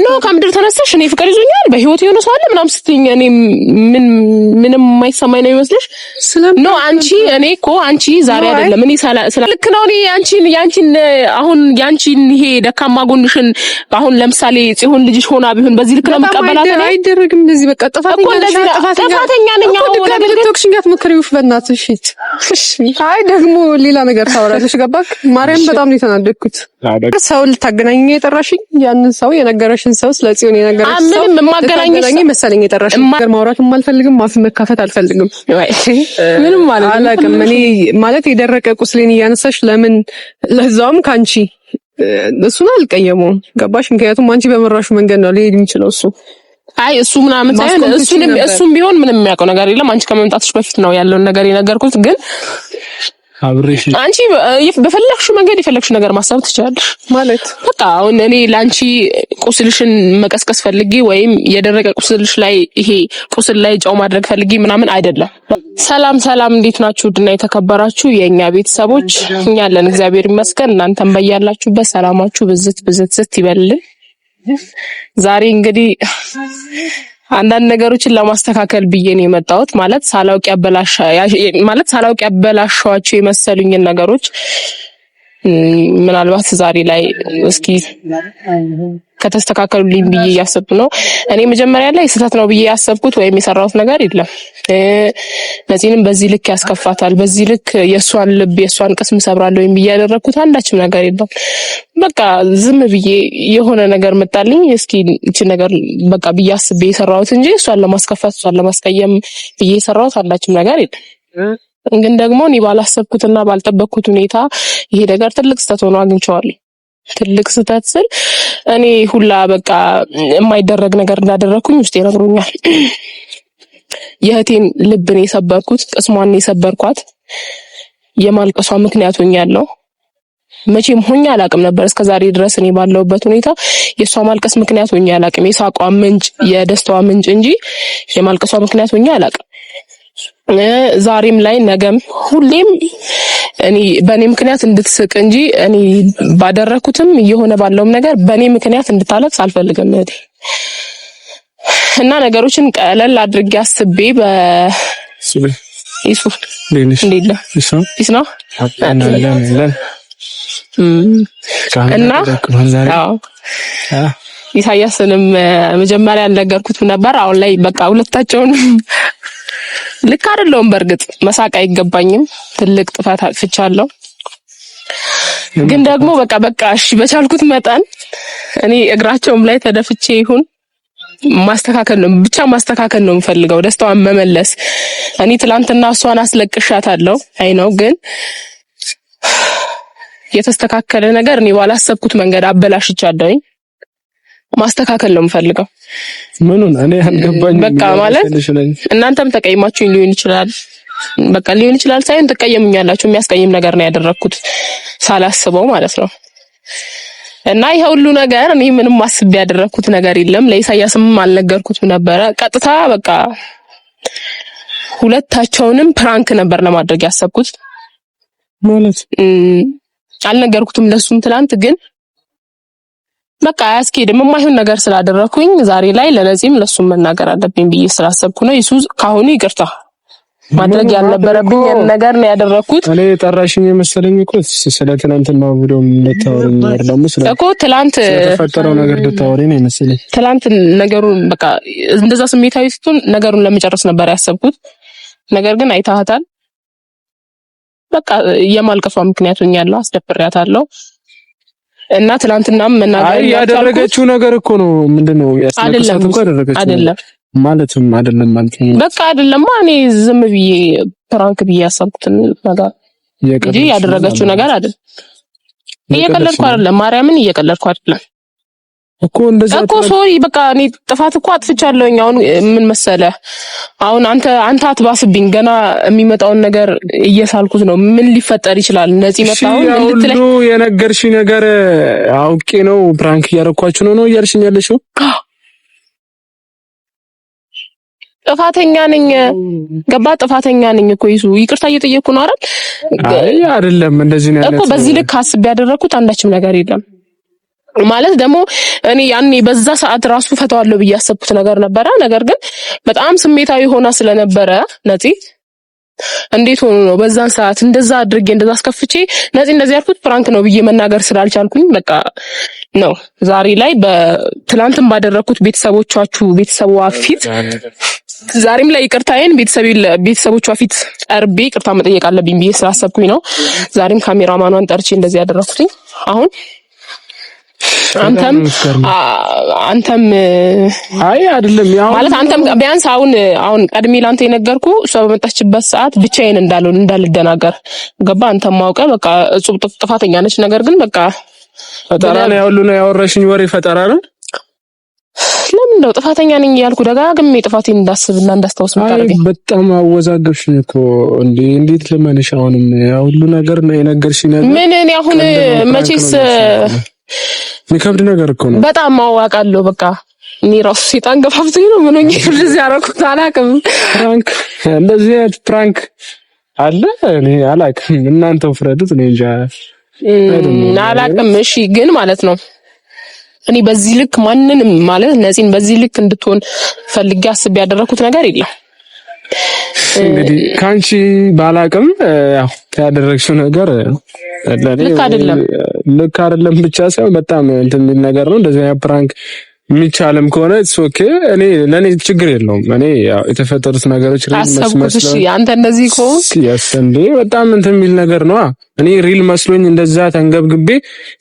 ኖ ከምድር ተነስተሽ እኔ ፍቅር ይዞኛል በህይወት የሆነ ሰው አለ ምናምን ስትይኝ እኔ ምን ምንም የማይሰማኝ ነው ይመስልሽ? ኖ አንቺ እኔ እኮ አንቺ ዛሬ አይደለም እኔ ስለ ልክ ነው። እኔ አንቺን ያንቺን አሁን ያንቺን ይሄ ደካማ ጎንሽን አሁን ለምሳሌ ጽሁን ልጅሽ ሆና ቢሆን በዚህ ልክ ነው የምቀበላት። እኔ አይደረግም እንደዚህ በቃ ጥፋተኛ ጥፋተኛ ነኝ። አሁን ድጋሚ ልትወቅሽኝ አትሞክሪው በእናትሽ። እሺ አይ ደግሞ ሌላ ነገር ታወራለሽ። ገባክ? ማርያም በጣም ነው የተናደድኩት። ሰው ልታገናኝ የጠራሽኝ ያንን ሰው የነገረሽ የጠራሽን ሰው ስለ ጽዮን የነገረሽ ሰው ምንም የማገናኝ መሰለኝ የጠራሽ ነገር ማውራትም አልፈልግም፣ አፍ መካፈት አልፈልግም። ምንም ማለት አላውቅም። እኔ ማለት የደረቀ ቁስሌን እያነሳሽ ለምን ለዛውም ከአንቺ እሱን አልቀየመውም። ገባሽ? ምክንያቱም አንቺ በመራሹ መንገድ ነው ሊሄድ የሚችለው እሱ አይ እሱ ምናምን ሳይሆን እሱም ቢሆን ምንም የሚያውቀው ነገር የለም። አንቺ ከመምጣትሽ በፊት ነው ያለውን ነገር የነገርኩት ግን አብሬሽ አንቺ በፈለግሽው መንገድ የፈለግሽው ነገር ማሰብ ትችላለሽ። ማለት በቃ አሁን እኔ ለአንቺ ቁስልሽን መቀስቀስ ፈልጌ ወይም የደረቀ ቁስልሽ ላይ ይሄ ቁስል ላይ ጨው ማድረግ ፈልጌ ምናምን አይደለም። ሰላም ሰላም፣ እንዴት ናችሁ? ድና የተከበራችሁ የእኛ ቤተሰቦች እኛ አለን እግዚአብሔር ይመስገን። እናንተም በያላችሁበት ሰላማችሁ ብዝት ብዝት ዝት ይበልልን። ዛሬ እንግዲህ አንዳንድ ነገሮችን ለማስተካከል ብዬ ነው የመጣሁት። ማለት ሳላውቅ ያበላሻ ማለት ሳላውቅ ያበላሻቸው የመሰሉኝን ነገሮች ምናልባት ዛሬ ላይ እስኪ ከተስተካከሉልኝ ብዬ እያሰብኩ ነው። እኔ መጀመሪያ ላይ ስህተት ነው ብዬ ያሰብኩት ወይም የሰራሁት ነገር የለም። ነፂንም በዚህ ልክ ያስከፋታል፣ በዚህ ልክ የእሷን ልብ የእሷን ቅስም ሰብራለ ወይም ብዬ ያደረግኩት አንዳችም ነገር የለም። በቃ ዝም ብዬ የሆነ ነገር መጣልኝ፣ እስኪ እቺ ነገር በቃ ብዬ አስቤ የሰራሁት እንጂ እሷን ለማስከፋት እሷን ለማስቀየም ብዬ የሰራሁት አንዳችም ነገር የለም። ግን ደግሞ እኔ ባላሰብኩትና ባልጠበቅኩት ሁኔታ ይሄ ነገር ትልቅ ስህተት ሆኖ አግኝቼዋለሁ። ትልቅ ስህተት ስል እኔ ሁላ በቃ የማይደረግ ነገር እንዳደረግኩኝ ውስጥ ነግሮኛል የእህቴን ልብን የሰበርኩት ቅስሟን የሰበርኳት የማልቀሷ ምክንያት ሆኛለሁ። መቼም ሆኜ አላቅም ነበር እስከ ዛሬ ድረስ እኔ ባለሁበት ሁኔታ የእሷ ማልቀስ ምክንያት ሆኜ አላቅም። የሳቋ ምንጭ፣ የደስታዋ ምንጭ እንጂ የማልቀሷ ምክንያት ሆኜ አላቅም። ዛሬም ላይ ነገም ሁሌም እኔ በእኔ ምክንያት እንድትስቅ እንጂ እኔ ባደረኩትም እየሆነ ባለውም ነገር በእኔ ምክንያት እንድታለቅስ አልፈልግም እህቴ እና ነገሮችን ቀለል አድርጌ አስቤ በሱፍ እና ኢሳያስንም መጀመሪያ ያልነገርኩትም ነበር። አሁን ላይ በቃ ሁለታቸውን ልክ አይደለውም። በእርግጥ መሳቅ አይገባኝም። ትልቅ ጥፋት አጥፍቻለሁ። ግን ደግሞ በቃ በቃ እሺ፣ በቻልኩት መጠን እኔ እግራቸውም ላይ ተደፍቼ ይሁን ማስተካከል ነው ብቻ ማስተካከል ነው የምፈልገው፣ ደስታዋን መመለስ። እኔ ትላንትና እሷን አስለቅሻታለሁ። አይ ነው ግን የተስተካከለ ነገር እኔ ባላሰብኩት መንገድ አበላሽቻለሁኝ። ማስተካከል ነው የምፈልገው። ምኑን እኔ አልገባኝ። በቃ ማለት እናንተም ተቀይማችሁ ሊሆን ይችላል በቃ ሊሆን ይችላል ሳይሆን ትቀየሙኛላችሁ። የሚያስቀይም ነገር ነው ያደረግኩት ሳላስበው ማለት ነው። እና ይሄ ሁሉ ነገር እኔ ምንም አስቤ ያደረግኩት ነገር የለም። ለኢሳያስም አልነገርኩትም ነበረ። ቀጥታ በቃ ሁለታቸውንም ፕራንክ ነበር ለማድረግ ያሰብኩት ማለት አልነገርኩትም ለሱም ትላንት ግን በቃ አያስኬድም። የማይሆን ነገር ስላደረኩኝ ዛሬ ላይ ለነዚህም ለሱም መናገር አለብኝ ብዬ ስላሰብኩ ነው። ይሱ ካሁኑ ይቅርታ ማድረግ ያልነበረብኝ ነገር ነው ያደረኩት። እኔ ጠራሽኝ የመሰለኝ እኮ ስለ ትናንትና ቪዲዮ ልታወሪኝ ደግሞ ስለ እኮ ትናንት የተፈጠረው ነገር ልታወሪ ነው የመሰለኝ። ትናንት ነገሩን በቃ እንደዛ ስሜታዊ ስትሆን ነገሩን ለመጨረስ ነበር ያሰብኩት። ነገር ግን አይታሃታል። በቃ የማልቀሷ ምክንያት ያለው አስደብሬያታለሁ። እና ትናንትናም መናገር ያደረገችው ነገር እኮ ነው። ምንድነው ነው ያስነቀሳት እኮ ያደረገችው አይደለም ማለትም አይደለም ማለት ነው። በቃ አይደለም እኔ ዝም ብዬ ፕራንክ ብዬ ያሰብኩትን ነገር እንጂ ያደረገችው ነገር አይደለም። እየቀለድኩ አይደለም፣ ማርያምን እየቀለድኩ አይደለም። እኮ እንደዛ እኮ ሶሪ በቃ እኔ ጥፋት እኮ አጥፍቻለሁኝ። አሁን ምን መሰለ አሁን አንተ አንተ አትባስብኝ። ገና የሚመጣውን ነገር እየሳልኩት ነው። ምን ሊፈጠር ይችላል? ነፂ መጣሁን እንድትለኝ የነገርሽ ነገር አውቄ ነው። ፕራንክ እያረኳችሁ ነው ነው እያልሽኝ ያለሽው? ጥፋተኛ ነኝ። ገባ ጥፋተኛ ነኝ እኮ ይሱ ይቅርታ እየጠየቅኩ ነው አይደል? አይ አይደለም፣ እንደዚህ ነው እኮ በዚህ ልክ አስቤ ያደረኩት አንዳችም ነገር የለም። ማለት ደግሞ እኔ ያኔ በዛ ሰዓት ራሱ ፈተዋለሁ ብዬ ያሰብኩት ነገር ነበረ። ነገር ግን በጣም ስሜታዊ ሆና ስለነበረ ነፂ እንዴት ሆኖ ነው በዛን ሰዓት እንደዛ አድርጌ እንደዛ አስከፍቼ ነፂ እንደዚህ ያልኩት ፍራንክ ነው ብዬ መናገር ስላልቻልኩኝ በቃ ነው ዛሬ ላይ በትላንትም ባደረግኩት ቤተሰቦቻችሁ ቤተሰቧ ፊት ዛሬም ላይ ይቅርታዬን ቤተሰቦቿ ፊት ቀርቤ ይቅርታ መጠየቅ አለብኝ ብዬ ስላሰብኩኝ ነው ዛሬም ካሜራማኗን ጠርቼ እንደዚህ ያደረግኩትኝ አሁን አንተም አንተም አይ አይደለም ያው ማለት አንተም ቢያንስ አሁን አሁን ቀድሜ ላንተ የነገርኩ እሷ በመጣችበት ሰዓት ብቻዬን እንዳልሆን እንዳልደናገር ገባ። አንተም ማውቀ በቃ እጹብ ጥፋተኛ ነች። ነገር ግን በቃ ፈጠራ ነው ያው ነው ያወራሽኝ ወሬ ፈጠራ ነው። ለምን ነው ጥፋተኛ ነኝ እያልኩ ደጋግሜ ጥፋቴን እንዳስብና እንዳስታውስ ምታደርገኝ? በጣም አወዛገብሽኝ እኮ እንዴ! እንዴት ልመንሽ? አሁንም ያ ሁሉ ነገር ነው የነገርሽኝ ነገር ምን እኔ አሁን መቼስ የሚከብድ ነገር እኮ ነው። በጣም ማዋቃለሁ። በቃ እኔ ራሱ ሴጣን ገፋብቶኝ ነው ምን ሆኜ እንደዚህ ያደረኩት አላውቅም። ፕራንክ እንደዚህ አይነት ፕራንክ አለ እኔ አላውቅም። እናንተ ፍረዱት። እኔ እንጃ አላውቅም። እሺ ግን ማለት ነው እኔ በዚህ ልክ ማንንም ማለት ነፂን በዚህ ልክ እንድትሆን ፈልጌ አስቤ ያደረኩት ነገር የለም። እንግዲህ ከአንቺ ባላውቅም ያው ያደረግሽው ነገር ልክ አይደለም ብቻ ሳይሆን በጣም እንትን የሚል ነገር ነው። እንደዚህ አይነት ፕራንክ የሚቻልም ከሆነ ኢትስ ኦኬ። እኔ ለእኔ ችግር የለውም። እኔ ያው የተፈጠሩት ነገሮች ሪል እንደዚህ በጣም እንትን የሚል ነገር ነው። እኔ ሪል መስሎኝ እንደዛ ተንገብግቤ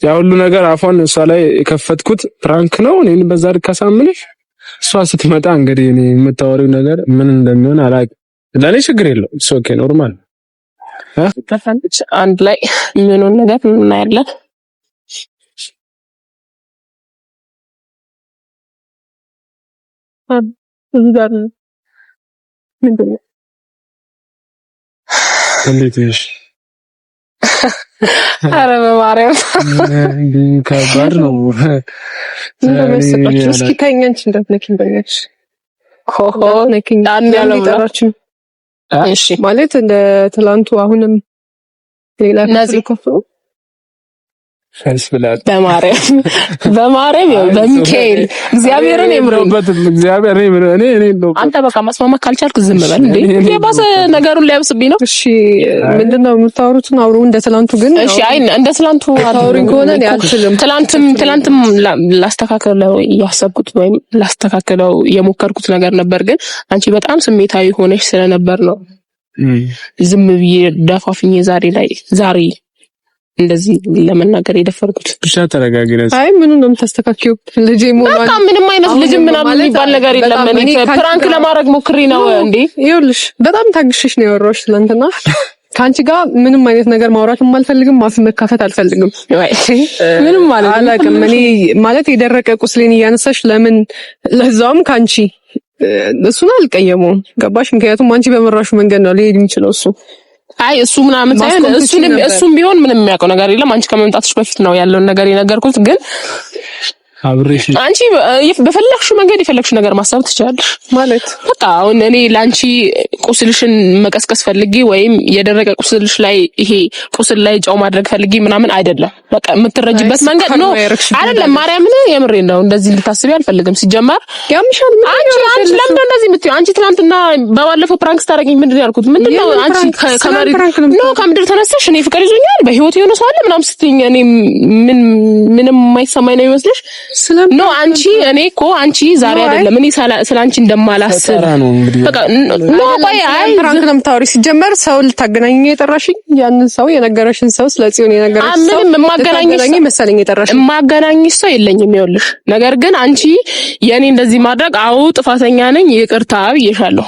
ያ ሁሉ ነገር አፏን እሷ ላይ የከፈትኩት ፕራንክ ነው። እኔን በዛ ልክ አሳምንሽ እሷ ስትመጣ እንግዲህ እኔ የምታወሪው ነገር ምን እንደሚሆን አላውቅም። ለእኔ ችግር የለውም። ኦኬ ኖርማል በፈንድች አንድ ላይ የሚሆነውን ነገር እናያለን። እንዴት ነሽ? አረ በማርያም ከባድ ነው። እስኪ ተኛንች እንደት ነኪኝ በኛች ሆሆ ነኪኝ አንድ ያለው ጠራችን ማለት እንደ ትላንቱ አሁንም ሌላ ሸሽ ብላለች። በማርያም በማርያም በሚካኤል እግዚአብሔርን የምረውበት እግዚአብሔር እኔ እኔ ነው። አንተ በቃ መስማማት ካልቻልክ ዝም በል እንዴ። የባሰ ነገሩን ሊያብስብኝ ነው። እሺ ምንድነው የምታወሩትን አውሩ። እንደ ትላንቱ ግን እሺ። አይ እንደ ትላንቱ አታውሪኝ ከሆነ እኔ አልችልም። ትላንትም ትላንትም ላስተካከለው እያሰብኩት ወይም ላስተካከለው የሞከርኩት ነገር ነበር፣ ግን አንቺ በጣም ስሜታዊ ሆነሽ ስለነበር ነው ዝም ብዬ ደፋፍኝ ዛሬ ላይ ዛሬ እንደዚህ ለመናገር የደፈርኩት ብቻ ተረጋግረን። አይ ምን ነው ተስተካክዩ። ልጅ በቃ ምንም አይነት ልጅ ምናምን የሚባል ነገር የለም። እኔ ፕራንክ ለማድረግ ሞክሬ ነው እንዴ። ይኸውልሽ በጣም ታግሽሽ ነው ያወራሁሽ ትናንትና። ከአንቺ ጋር ምንም አይነት ነገር ማውራት አልፈልግም፣ ማስመካፈት አልፈልግም። ምንም ማለት አላውቅም። እኔ ማለት የደረቀ ቁስሌን እያነሳሽ ለምን ለዛውም ከአንቺ እሱን አልቀየመውም። ገባሽ? ምክንያቱም አንቺ በመራሹ መንገድ ነው ሊሄድ የሚችለው እሱ አይ እሱ ምናምን ሳይሆን እሱንም እሱም ቢሆን ምንም የሚያውቀው ነገር የለም። አንቺ ከመምጣትሽ በፊት ነው ያለውን ነገር የነገርኩት ግን አብሬሽ አንቺ በፈለግሽው መንገድ የፈለግሽው ነገር ማሰብ ትችላለሽ። ማለት በቃ አሁን እኔ ለአንቺ ቁስልሽን መቀስቀስ ፈልጌ ወይም የደረቀ ቁስልሽ ላይ ይሄ ቁስል ላይ ጨው ማድረግ ፈልጌ ምናምን አይደለም። በቃ የምትረጅበት መንገድ ነው አይደለም። ማርያምን የምሬ ነው። እንደዚህ ልታስቢ አልፈልግም። ሲጀመር ያምሻል። አንቺ አንቺ ለምን እንደዚህ የምትይው? አንቺ ትናንትና በባለፈው ፕራንክ ስታደርጊኝ ምንድን ነው ያልኩት? ምንድን ነው አንቺ ከመሬት ነው ከምድር ተነስተሽ እኔ ፍቅር ይዞኛል በህይወት የሆነ ሰው አለ ምናምን ስትይኝ እኔ ምን ምንም የማይሰማኝ ነው ይመስልሽ? ኖ አንቺ እኔ እኮ አንቺ ዛሬ አይደለም እኔ ስለ አንቺ እንደማላስብ በቃ ኖ ቆይ አይ ፕራንክ ነው የምታወሪ ሲጀመር ሰው ልታገናኝ የጠራሽኝ ያንን ሰው የነገረሽን ሰው ስለ ጽዮን የነገረሽ ሰው ምንም የማገናኝ መሰለኝ የጠራሽኝ የማገናኝሽ ሰው የለኝም ይኸውልሽ ነገር ግን አንቺ የእኔ እንደዚህ ማድረግ አዎ ጥፋተኛ ነኝ ይቅርታ ብዬሻለሁ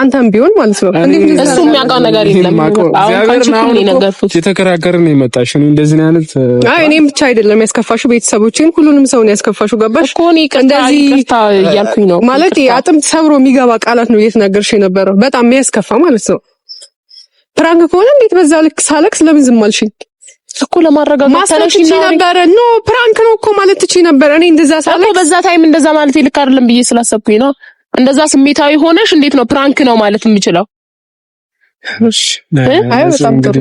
አንተም ቢሆን ማለት ነው። እሱ የሚያውቀው ነገር የለም። የተከራከርን ነው የመጣሽ። እንደዚህ አይነት አይ እኔም ብቻ አይደለም ያስከፋሹ፣ ቤተሰቦችን ሁሉንም ሰውን ያስከፋሹ። ገባሽ? እንደዚህ እያልኩኝ ነው ማለት አጥም ሰብሮ የሚገባ ቃላት ነው እየተናገርሽ የነበረው። በጣም የሚያስከፋ ማለት ነው። ፕራንክ ከሆነ እንዴት በዛ ልክ ሳለቅስ ለምን ዝም አልሽኝ? እኮ ለማረጋጋት ማሰለሽ ነበር። ኖ ፕራንክ ነው እኮ ማለት ትችይ ነበር። እኔ እንደዛ ሳለቅስ በዛ ታይም እንደዛ ማለት ልክ አይደለም ብዬ ስላሰብኩኝ ነው እንደዛ ስሜታዊ ሆነሽ እንዴት ነው ፕራንክ ነው ማለት የምችለው? እሺ አይ በጣም ጥሩ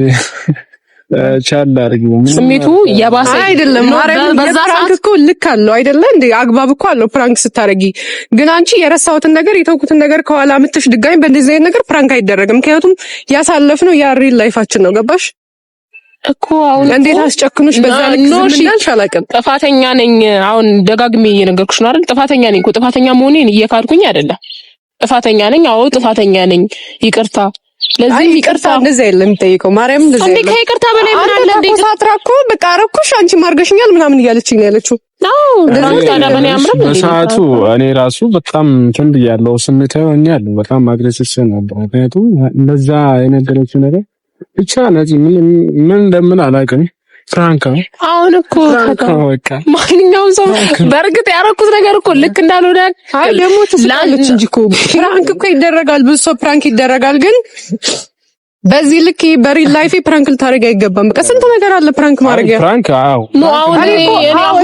ስሜቱ የባሰ አይደለም። በዛ ሰዓት እኮ ልክ አለው አይደለ እንዴ? አግባብ እኮ አለው ፕራንክ ስታደርጊ። ግን አንቺ የረሳሁትን ነገር የተውኩትን ነገር ከኋላ ምትሽ ድጋሚ በእንደዚህ አይነት ነገር ፕራንክ አይደረግም። ምክንያቱም ያሳለፍነው ያ ሪል ላይፋችን ነው። ገባሽ? እኮ አሁን እንዴት አስጨክኖሽ በዛ ልክ ዝምብላልሽ አላውቅም። ጥፋተኛ ነኝ አሁን ደጋግሜ እየነገርኩሽ ነው አይደል? ጥፋተኛ ነኝ እኮ ጥፋተኛ መሆኔን እየካድኩኝ አይደለም። ጥፋተኛ ነኝ፣ አዎ ጥፋተኛ ነኝ። ይቅርታ ለዚህ ይቅርታ እንደዚህ አይደለም የሚጠይቀው። ማርያም እንደዚህ አይደለም እንዴ ከይቅርታ በላይ ምን አለ እንዴ? ሳትራ እኮ በቃ አረኩሽ፣ አንቺ ማርገሽኛል ምናምን እያለችኝ ነው ያለችው። አዎ በሰዓቱ እኔ ራሱ በጣም እንትን ብያለሁ። ስሜታዊ ሆኛለሁ። በጣም አግሬሲቭ ነበር። ምክንያቱም እንደዛ የነገረችው ነገር ብቻ እነዚህ ምን ምን እንደምን አላውቅም። ፍራንካ አሁን እኮ ማንኛውም ሰው በእርግጥ ያደረኩት ነገር እኮ ልክ እንዳልሆነ ደግሞ ትስላለች እንጂ እኮ ፍራንክ እኮ ይደረጋል፣ ብዙ ሰው ፍራንክ ይደረጋል ግን በዚህ ልክ በሪል ላይፍ ፕራንክ ልታደርግ አይገባም። በቃ ስንት ነገር አለ ፕራንክ ማድረግ። ፕራንክ አዎ፣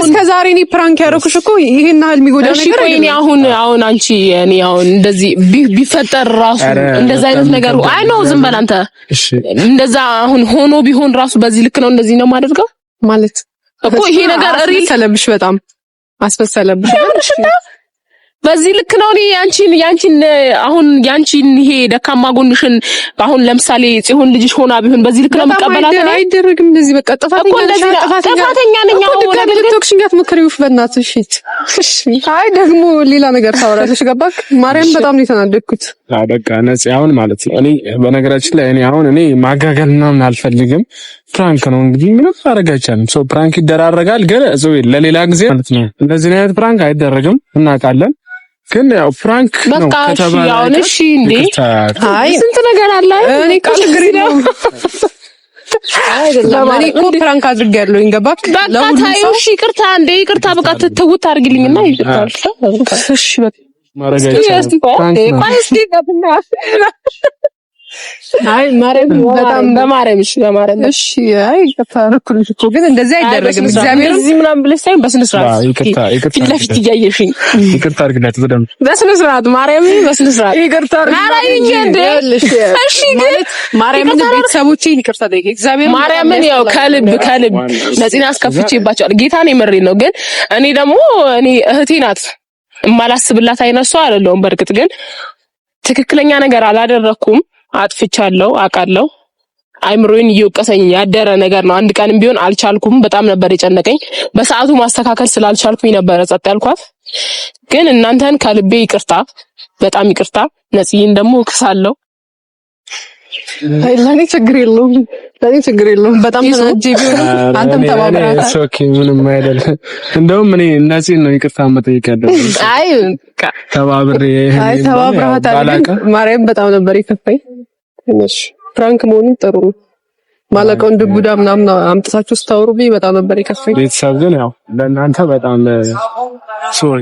እስከ ዛሬ እኔ ፕራንክ ያደረኩሽ እኮ ይሄን ያህል የሚጎዳ ነገር እኔ አሁን አሁን አንቺ እኔ አሁን እንደዚህ ቢፈጠር ራሱ እንደዛ አይነት ነገር አይ ነው ዝም በል አንተ። እንደዛ አሁን ሆኖ ቢሆን ራሱ በዚህ ልክ ነው እንደዚህ ነው የማደርገው ማለት እኮ ይሄ ነገር ሪል ሰለምሽ በጣም አስፈሰለብሽ በዚህ ልክ ነው። እኔ ያንቺን ያንቺን አሁን ያንቺን ይሄ ደካማ ጎንሽን አሁን ለምሳሌ ጽሁን ልጅሽ ሆና ቢሆን በዚህ ልክ ነው መቀበላት ነው። አይደረግም እንደዚህ በቃ ጥፋተኛ ነኝ አይ ደግሞ ሌላ ነገር ታወራለሽ። ገባክ? ማርያም በጣም ነው የተናደድኩት። አዎ በቃ ነፂ አሁን ማለት ነው እኔ በነገራችን ላይ እኔ አሁን እኔ ማጋገል ምናምን አልፈልግም። ፕራንክ ነው እንግዲህ ምንም ማድረግ አይቻልም። ሶ ፕራንክ ይደራረጋል፣ ግን ለሌላ ጊዜ ማለት ነው እንደዚህ አይነት ፕራንክ አይደረግም። እናውቃለን ግን ያው ፍራንክ ነው ከተባለ አሁን እሺ፣ እንዴ አይ ስንት ነገር አለ። እኔ እኮ ችግር ነው አይደለም። እኔ እኮ ፍራንክ አድርጌያለሁ። ገባክ? በቃ ታዩ። እሺ፣ ይቅርታ፣ እንዴ ይቅርታ፣ በቃ ትውት አድርግልኝና ይቅርታ። እሺ፣ በቃ ነው። አይ ማርያም በጣም በማርያም እሺ፣ በማርያም እሺ። አይ ይቅርታ አልኩልሽ እኮ ግን እንደዚህ አይደረግም። እግዚአብሔር እዚህ ምናምን ብለሽ ሳይሆን በስነ ስርዓት ፊት ለፊት እያየሽኝ ይቅርታ አድርግላት። ተደም በስነ ስርዓት ማርያም፣ በስነ ስርዓት ይቅርታ አድርግላት። ይኸውልሽ፣ እሺ፣ ግን ማርያም ቤተሰቦቼን ይቅርታ ጠይቂ። እግዚአብሔር ማርያምን ያው ከልብ ከልብ ነፂን አስከፍቼባቸዋል። ጌታን የምሬ ነው። ግን እኔ ደግሞ እኔ እህቴ ናት እማላስብላት አይነሷ አይደለሁም። በእርግጥ ግን ትክክለኛ ነገር አላደረኩም። አጥፍቻለሁ፣ አውቃለሁ። አይምሮዬን እየወቀሰኝ ያደረ ነገር ነው። አንድ ቀንም ቢሆን አልቻልኩም። በጣም ነበር የጨነቀኝ። በሰዓቱ ማስተካከል ስላልቻልኩኝ ነበረ ጸጥ ያልኳት። ግን እናንተን ከልቤ ይቅርታ፣ በጣም ይቅርታ። ነጽይን ደግሞ እክሳለሁ። ለእኔ ችግር የለውም፣ ለእኔ ችግር የለውም። በጣም ተናጄ ቢሆንም አንተም ተባብራታል። ምንም አይደለም። እንደውም እኔ ነፂን ነው ይቅርታ መጠየቅ ያለብኝ። አይ ተባብሬ አይ ተባብራታል። ማርያም በጣም ነበር የከፋኝ። ፍራንክ ጥሩ ምናምን አምጥታችሁ በጣም ነበር ቤተሰብ ግን ያው ለእናንተ በጣም ሶሪ፣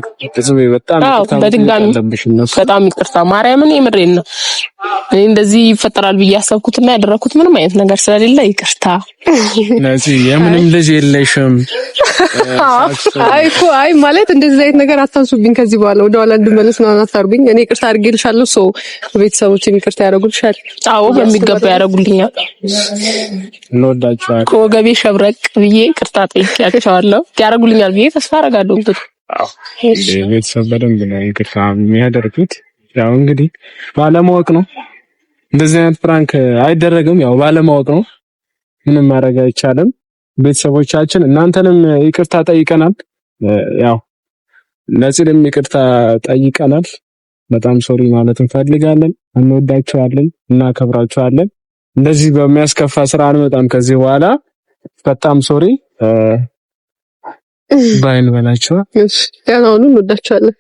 በጣም በድጋሚ በጣም ይቅርታ ማርያምን የምሬን ነው እኔ እንደዚህ ይፈጠራል ብዬ ያሰብኩትና ያደረኩት ምንም አይነት ነገር ስለሌለ ይቅርታ። ነዚህ የምንም ልጅ የለሽም። አይ እኮ አይ ማለት እንደዚህ አይነት ነገር አታንሱብኝ። ከዚህ በኋላ ወደ ኋላ እንድመለስ ነው አታርጉኝ። እኔ ይቅርታ አድርጌልሻለሁ። ሰው ቤተሰቦችም ይቅርታ ያደርጉልሻል። አዎ በሚገባ ያደርጉልኛል። እንወዳቸዋለን። ወገቤ ሸብረቅ ብዬ ይቅርታ ጠይቄያቸዋለሁ። ያደርጉልኛል ብዬ ተስፋ አደርጋለሁ። ቤተሰብ በደንብ ነው ይቅርታ የሚያደርጉት። ያው እንግዲህ ባለማወቅ ነው። እንደዚህ አይነት ፍራንክ አይደረግም። ያው ባለማወቅ ነው። ምንም ማድረግ አይቻልም። ቤተሰቦቻችን እናንተንም ይቅርታ ጠይቀናል። ያው ለጽልም ይቅርታ ጠይቀናል። በጣም ሶሪ ማለት እንፈልጋለን። እንወዳቸዋለን፣ እናከብራቸዋለን። እንደዚህ በሚያስከፋ ስራ አንመጣም ከዚህ በኋላ። በጣም ሶሪ ባይን በላቸዋ። እሺ፣ ያው እንወዳቸዋለን።